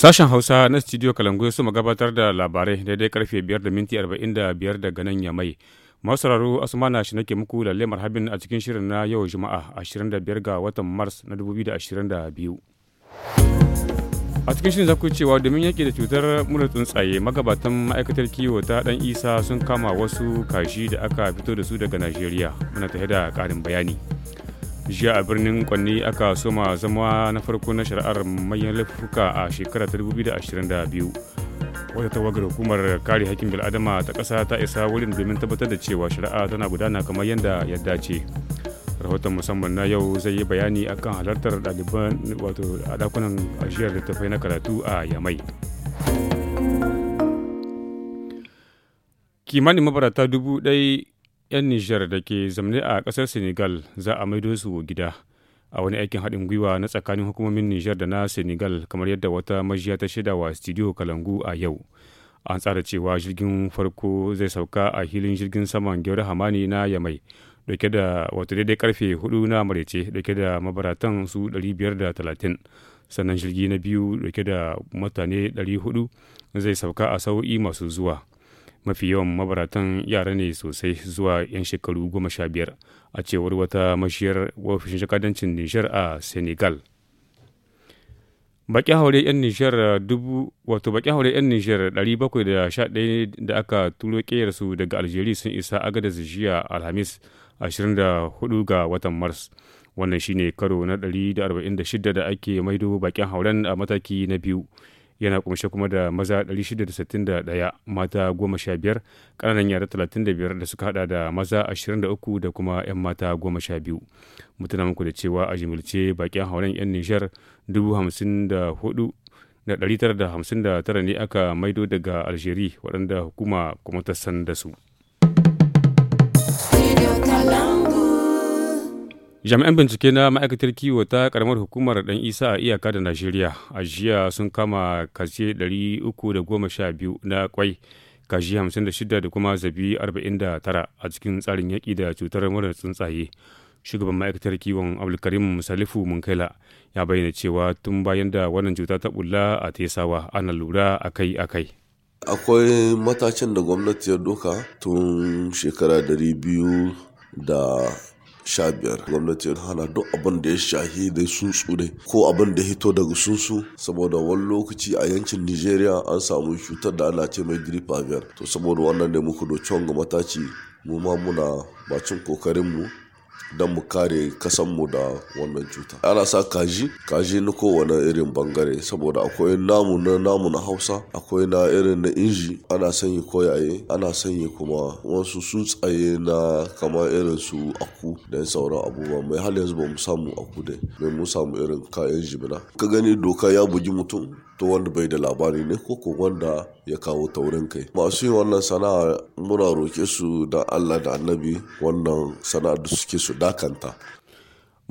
Sashen Hausa na Studio Kalangu su gabatar da labarai daidai karfe 5 da minti 45 daga nan ya mai. Masu Asmana shi nake muku lalle marhabin a cikin shirin na yau Juma'a 25 ga watan Mars na 2022. A cikin shirin za ku cewa domin yake da cutar mura tsuntsaye magabatan ma'aikatar kiwo ta dan Isa sun kama wasu kashi da aka fito da su daga Najeriya. Muna tafe da ƙarin bayani. jiya a birnin kwanni aka soma zama na farko na shari'ar manyan laifuka a shekarar 2022 wata tawagar hukumar kare hakkin bil'adama ta ƙasa ta isa wurin domin tabbatar da cewa shari'a tana gudana kamar yadda ya dace rahoton musamman na yau zai yi bayani akan halartar ɗaliban wato a dakunan ajiyar na karatu a yamai kimanin mabarata dubu ɗaya 'yan Nijar da ke zamne a ƙasar Senegal za a maido su gida a wani aikin haɗin gwiwa na tsakanin hukumomin Nijar da na Senegal kamar yadda wata majiya ta shaida wa Studio Kalangu a yau. An tsara cewa jirgin farko zai sauka a hilin jirgin saman Gyauri Hamani na Yamai dauke da wato daidai karfe 4 na marece dauke da mabaratan su 530 sannan jirgi na biyu dauke da mutane 400 zai sauka a sau'i masu zuwa. mafi yawan mabaratan yara ne sosai zuwa 'yan shekaru goma sha biyar a cewar wata mashiyar ofishin jakadancin nishar a senegal baki haure 'yan nishar dubu wato baki haure 'yan nishar 711 da aka turo su daga algeria sun isa agadar jiya alhamis 24 ga watan mars wannan shine karo na 146 da ake maido bakin hauren a mataki na biyu yana kumshe kuma da maza 661 mata 15 ƙananan yara 35 da suka hada da maza 23 da kuma 'yan mata 12 mutuna muku da cewa a jimilce bakin hauren 'yan nishar 54,959 ne aka maido daga algeria waɗanda hukuma kuma ta san da su jami'an bincike na ma'aikatar kiwo ta karamar hukumar dan isa a iyaka da najeriya a jiya sun kama kashe 312 na kwai kashi 56 da kuma zabi 49 a cikin tsarin yaƙi da cutar murar tsuntsaye shugaban ma'aikatar kiwon abdulkarim musalifu munkaila ya bayyana cewa tun bayan da wannan cuta ta bulla a tesawa ana lura akai-akai akwai matacin da gwamnati ya doka tun shekara biyu da sha biyar gwamnati hana duk abin da ya shahi da sunsu ne ko abin da hito daga sunsu saboda wani lokaci a yankin nigeria an samu cutar da ana ce mai gripe avian to saboda wannan ne muku doci ga mataci mu ma muna bacin kokarinmu don mu kare kasanmu da wannan cuta ana sa kaji kaji na kowane irin bangare saboda akwai namu na namu na hausa akwai na irin na inji ana sanya koyaye ana sanya kuma wasu tsuntsaye na kama irin su aku da sauran abubuwa mai hal yanzu ba mu samu aku dai mai mu samu irin kayan jimina ka gani doka ya bugi mutum to wanda bai da labari ne ko ko wanda ya kawo taurin kai masu yin wannan sana'a muna roke su da allah da annabi wannan sana'a da suke su dakanta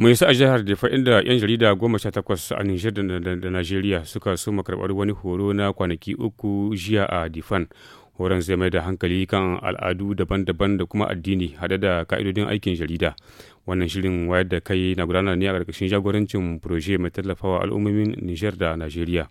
mai sa a jihar Defa inda 'yan jarida goma sha takwas a Nijar da Najeriya suka soma karɓar wani horo na kwanaki uku jiya a Difan. Horon zai mai da hankali kan al'adu daban-daban da kuma addini haɗe da ka'idodin aikin jarida. Wannan shirin wayar da kai na gudanar ne a ƙarƙashin jagorancin Proje mai tallafawa al'ummomin Nijar da Najeriya.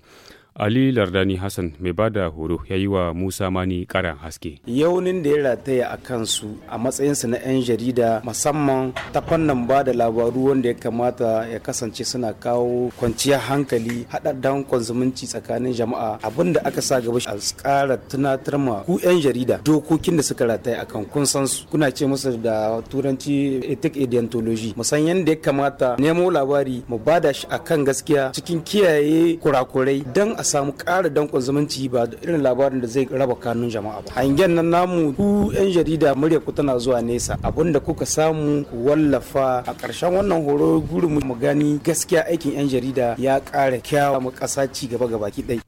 Ali Lardani Hassan mai ba da horo ya yi wa Musa Mani karan haske. Yaunin da ya rataya a kansu a matsayinsu na 'yan jarida musamman ta fannin ba da labaru wanda ya kamata ya kasance suna kawo kwanciyar hankali haɗaɗɗen kwanzumunci tsakanin jama'a abin da aka sa gaba a ƙara tunatar ma ku 'yan jarida dokokin da suka rataya akan kun san su kuna ce musu da turanci ethic ideontology musan yadda ya kamata nemo labari mu bada shi akan gaskiya cikin kiyaye kurakurai don a samu ƙara dankon zumunci ba da irin labarin da zai raba kanun jama'a ba hangen nan namu ku yan jarida murya ku tana zuwa nesa abin da kuka samu ku wallafa a ƙarshen wannan horo gurin mu gani gaskiya aikin yan jarida ya ƙara kyawa mu ƙasa ci gaba gaba ki ɗai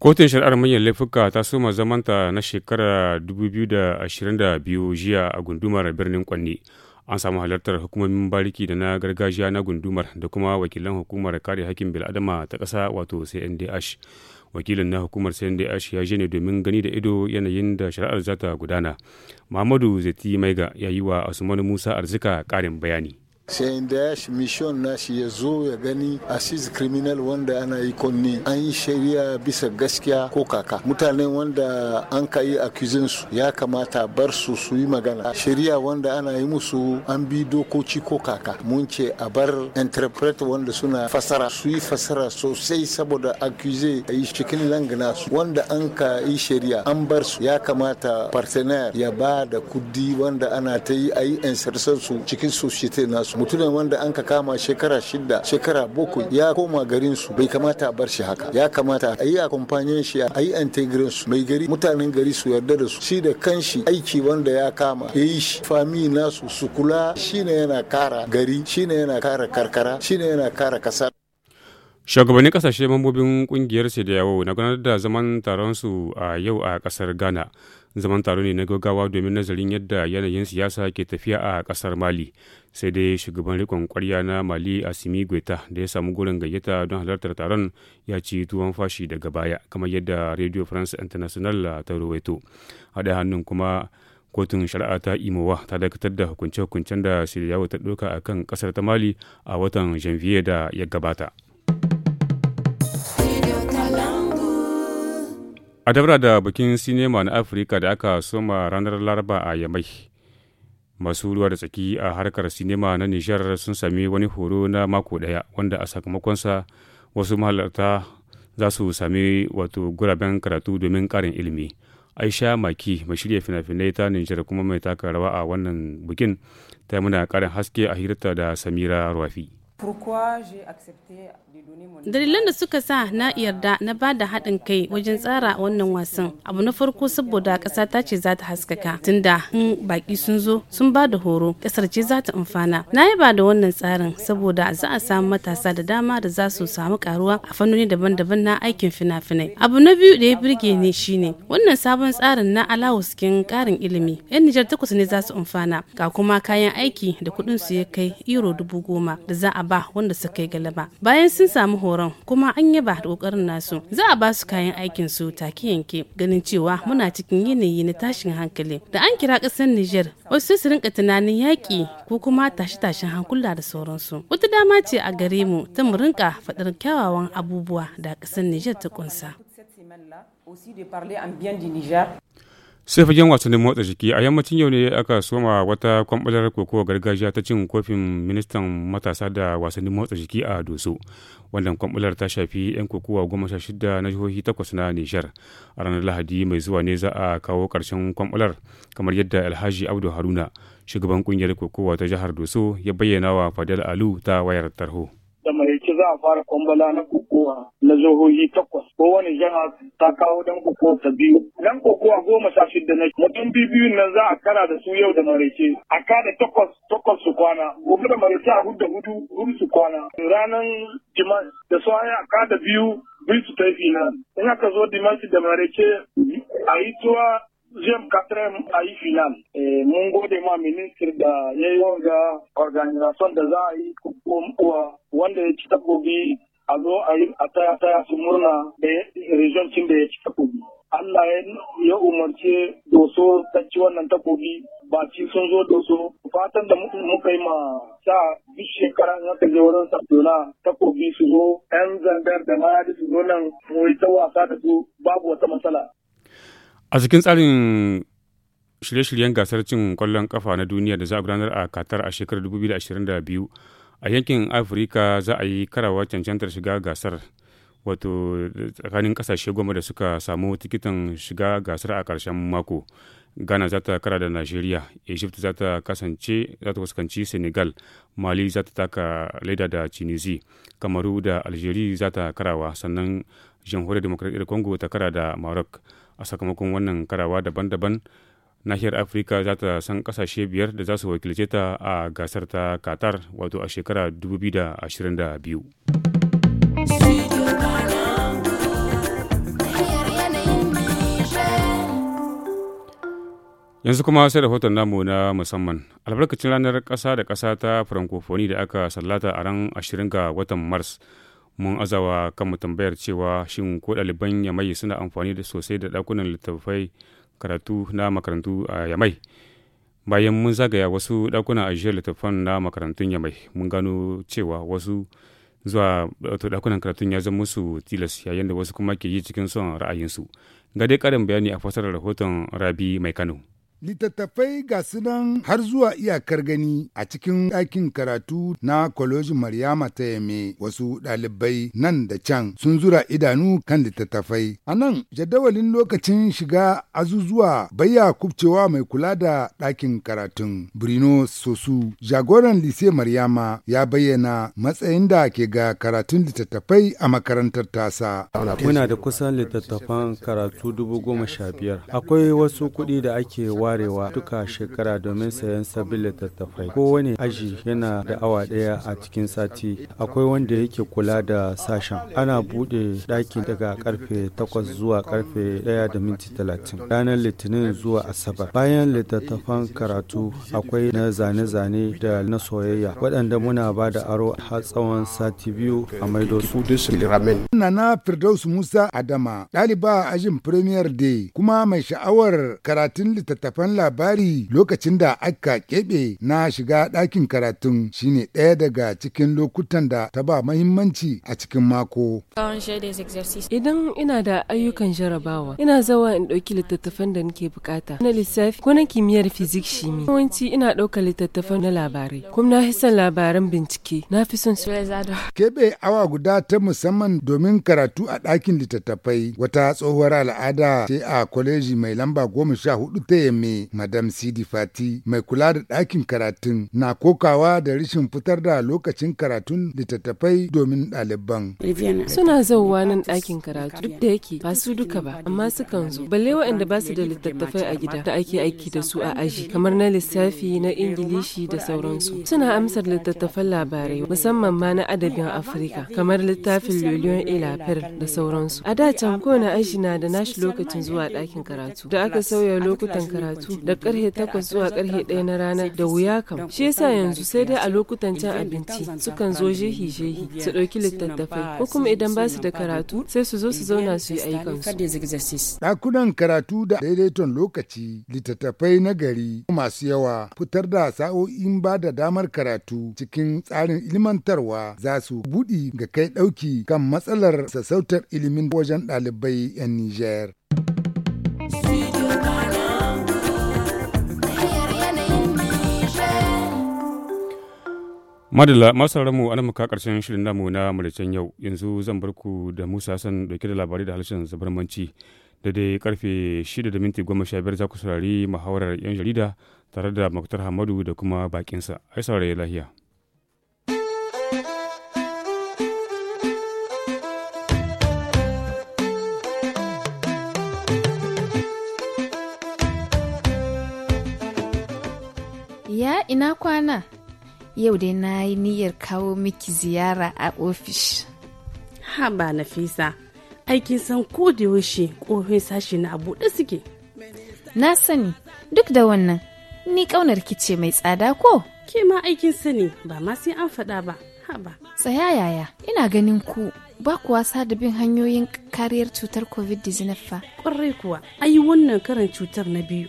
kotun shari'ar manyan laifuka ta soma zamanta na shekara 2022 jiya a gundumar birnin kwanne an samu halartar hukumomin bariki da na gargajiya na gundumar da kuma wakilan hukumar kare hakkin bil'adama ta ƙasa wato cndh wakilin na hukumar cndh ya je ne domin gani da ido yanayin da shari'ar za ta gudana muhammadu zeti maiga ya yi wa asumani musa arzika ƙarin bayani sai da mission nashi ya zo ya gani assist criminal wanda ana yi konni an yi shari'a bisa gaskiya ko kaka mutane wanda an ka yi accusing su ya kamata bar su su yi magana shari'a wanda ana yi musu an bi dokoci ko kaka mun ce a bar interpret wanda suna fasara su yi fasara sosai saboda accuse a yi cikin langana su wanda an ka yi shari'a an bar su ya kamata partenaire ya ba da kudi wanda ana ta yi a yi insertion su cikin society nasu mutumin wanda an ka kama shekara shida shekara boko ya koma garin su bai kamata a bar shi haka ya kamata a yi akwamfanin shi a yi integrin su mai gari mutanen gari su yarda da su shi da kanshi aiki wanda ya kama ya yi shi fami nasu su kula shi ne yana kara gari shi ne yana kara karkara shi ne yana kara kasa shugabannin kasashe mambobin kungiyar su da yawo na gudanar da zaman taronsu a yau a kasar ghana zaman taro ne na gaggawa domin nazarin yadda yanayin siyasa ke tafiya a kasar mali sai dai shugaban rikon kwarya na mali asimi gweta da ya samu gurin gayyata don halartar taron ya ci tuwon fashi daga baya kamar yadda radio france international ta rawaito haɗa hannun kuma kotun shari'a ta imowa ta dakatar da hukunce-hukuncen da shirya ta ɗauka a kan ƙasar ta mali a watan janvier da ya gabata a dabara da bikin sinema na afirka da aka soma ranar laraba a yamai masu ruwa da tsaki a harkar sinima na nishar sun sami wani horo na mako daya wanda a sakamakonsa wasu mahalarta za su sami wato guraben karatu domin karin ilimi aisha maki mai shirya fina-finai ta nijar kuma mai taka rawa a wannan bukin ta muna karin haske a hirarta da samira rafi Dalilan da suka sa na yarda na ba da haɗin kai wajen tsara wannan wasan abu na farko saboda ƙasa ta ce za ta haskaka tunda in baƙi sun zo sun ba da horo ƙasar ce za ta amfana. Na yi ba da wannan tsarin saboda za a samu matasa da dama da za su samu karuwa a fannoni daban-daban na aikin fina-finai. Abu na biyu da ya birge ni shine wannan sabon tsarin na alawuskin ƙarin ilimi. 'Yan Nijar takwas ne za su amfana ga kuma kayan aiki da kuɗin su ya kai euro dubu goma da za a ba wanda suka yi galaba bayan sun samu horon kuma an yaba da kokarin nasu za a ba su kayan aikin su take yanke ganin cewa muna cikin yanayi na tashin hankali da an kira kasar Niger wasu su rinka tunanin yaƙi ko kuma tashi-tashin hankula da sauransu wata dama ce a gare mu ta mu rinka faɗar kyawawan abubuwa da kasar Niger ta kunsa aussi de parler en Niger sai fagen wasannin motsa jiki a yammacin yau ne aka soma wata kwambalar kokowa gargajiya ta cin kofin ministan matasa da wasannin motsa jiki a doso wannan kwambalar ta shafi 'yan kokowa goma sha shida na jihohi takwas na nijar a ranar lahadi mai zuwa ne za a kawo karshen kwambalar kamar yadda alhaji abdu haruna shugaban kungiyar kokowa ta jihar doso ya bayyana wa fadel alu ta wayar tarho da maraice za a fara kwambala na kokowa na jihohi takwas ko wani jiha ta kawo dan kokowa ta biyu dan kokowa goma sha shida na mutum biyu nan za a kara da su yau da maraice a kada takwas takwas su kwana gobe da maraice a hudu hudu hudu su kwana ranar jima'i da su a kada biyu biyu su ta fi na in aka zo dimanci da maraice a yi tuwa Jem Katrem a yi final. Eh, mun gode ma ministri da ya yi wanga organization da za a yi Um, um, wanda ya ci takobi a zo a yi a taya taya su murna da region cin da ya ci takobi. Allah ya umarce doso ta ci wannan takobi ba ci sun zo doso fatan da muka yi ma sa duk shekara na ta wurin takobi su zo 'yan zangar da ma su zo nan mu ta wasa da su babu wata matsala. A cikin tsarin shirye-shiryen gasar cin kwallon kafa na duniya da za a gudanar a Qatar a shekarar 2022 a yankin afirka za a yi karawa cancantar shiga gasar wato tsakanin kasashe goma da suka samu tikitin shiga gasar a karshen mako ghana za ta kara da nigeria egypt za ta kasance za ta fuskanci senegal mali za ta taka leda da tunisia kamaru da algeria za ta karawa sannan jamhuriyar demokradiyyar congo ta kara da maroc a sakamakon wannan karawa daban-daban nahiyar afirka za ta san kasashe biyar da za su wakilce ta a gasar ta katar wato a shekara 2022 yanzu kuma sai rahoton namu na musamman albarkacin ranar ƙasa da ƙasa ta francophonie da aka sallata a ran 20 ga watan mars mun azawa kan mu tambayar cewa shin ko ɗaliban yamayi suna amfani da sosai da ɗakunan littattafai karatu na makarantu a Yamai. Bayan mun zagaya wasu ɗakuna a jiyar littattafan na makarantun Yamai, mun gano cewa wasu zuwa ɗakunan karatun ya zama musu tilas yayin da wasu kuma ke yi cikin son ra'ayinsu. Ga dai karin bayani a fasarar rahoton Rabi Mai Kano. littattafai ga sunan har zuwa iyakar gani a cikin ɗakin karatu na kwalojin maryama ta yame wasu ɗalibai nan da can sun zura idanu kan littattafai a nan jadawalin lokacin shiga azuzuwa bayya kubcewa mai kula da ɗakin karatun brino sosu jagoran lise maryama ya bayyana matsayin da ke ga karatun littattafai a makarantar tasa muna da kusan littattafan karatu dubu goma sha biyar akwai wasu kuɗi da ake wa warewa duka shekara domin sayan sabbin littattafai kowane aji yana da awa ɗaya a cikin sati akwai wanda yake kula da sashen ana bude ɗaki daga karfe 8 zuwa karfe 1 da minti 30 ranar litinin zuwa asabar bayan littattafan karatu akwai na zane-zane da na soyayya waɗanda muna ba da aro har tsawon sati biyu a maido su na firdaus musa adama ɗaliba ajin premier day kuma mai sha'awar karatun littattafan babban labari lokacin da aka keɓe na shiga ɗakin karatun shine ɗaya daga cikin lokutan da ta ba mahimmanci a cikin mako. Idan ina da ayyukan jarabawa, ina zawa in ɗauki littattafan da nake bukata. Na lissafi ko na kimiyyar fizik ne Yawanci ina ɗaukar littattafan na labarai, kuma na fi son labaran bincike, na fi son su. Keɓe awa guda ta musamman domin karatu a ɗakin littattafai wata tsohuwar al'ada ce a kwaleji mai lamba goma sha hudu ta yamma. ne Madam Sidi Fati, mai kula da ɗakin karatun, na kokawa da rashin fitar da lokacin karatun littattafai domin ɗaliban. Suna zauwa nan ɗakin karatu duk da yake ba su duka ba, amma sukan zo. Balle waɗanda ba su da littattafai a gida da ake aiki da su a aji, kamar na lissafi na Ingilishi da sauransu. Suna amsar littattafan labarai, musamman ma na adabin Afirka, kamar littafin Lilion Ilafir da sauransu. A da can kowane aji na da nashi lokacin zuwa ɗakin karatu. Da aka sauya lokutan karatu karatu da karhe takwas zuwa karhe ɗaya na rana da wuya kam shi yasa yanzu sai dai a lokutan cin abinci sukan zo jehi jehi su ɗauki littattafai ko kuma idan ba su da karatu sai su zo su zauna su yi su. ɗakunan karatu da daidaiton lokaci littattafai na gari masu yawa fitar da sa'o'in ba da damar karatu cikin tsarin ilmantarwa za su buɗi ga kai ɗauki kan matsalar sassautar ilimin wajen ɗalibai 'yan Nijar. Madalla mu an muka karshen shirin namu na maraicen yau yanzu zan bar ku da Musa san dauke da labarai da harshen zabarmanci da dai karfe 6:15 za ku saurari muhawarar 'yan jarida tare da maktar Hamadu da kuma bakinsa. Ai saurari lahiya. Ya ina kwana? yau dai na yi niyyar kawo miki ziyara a ofis. Haba Nafisa, aikin san ko da yaushe ƙofin sashi na buɗe suke. Na sani, duk da wannan, ni ƙaunar ki ce mai tsada ko? Ke ma aikin sani ba ma sai an faɗa ba, haba. Tsaya yaya, ina ganin ku ba ku wasa da bin hanyoyin kariyar cutar COVID-19 fa. Ƙwarai kuwa, ai wannan karin cutar na biyu.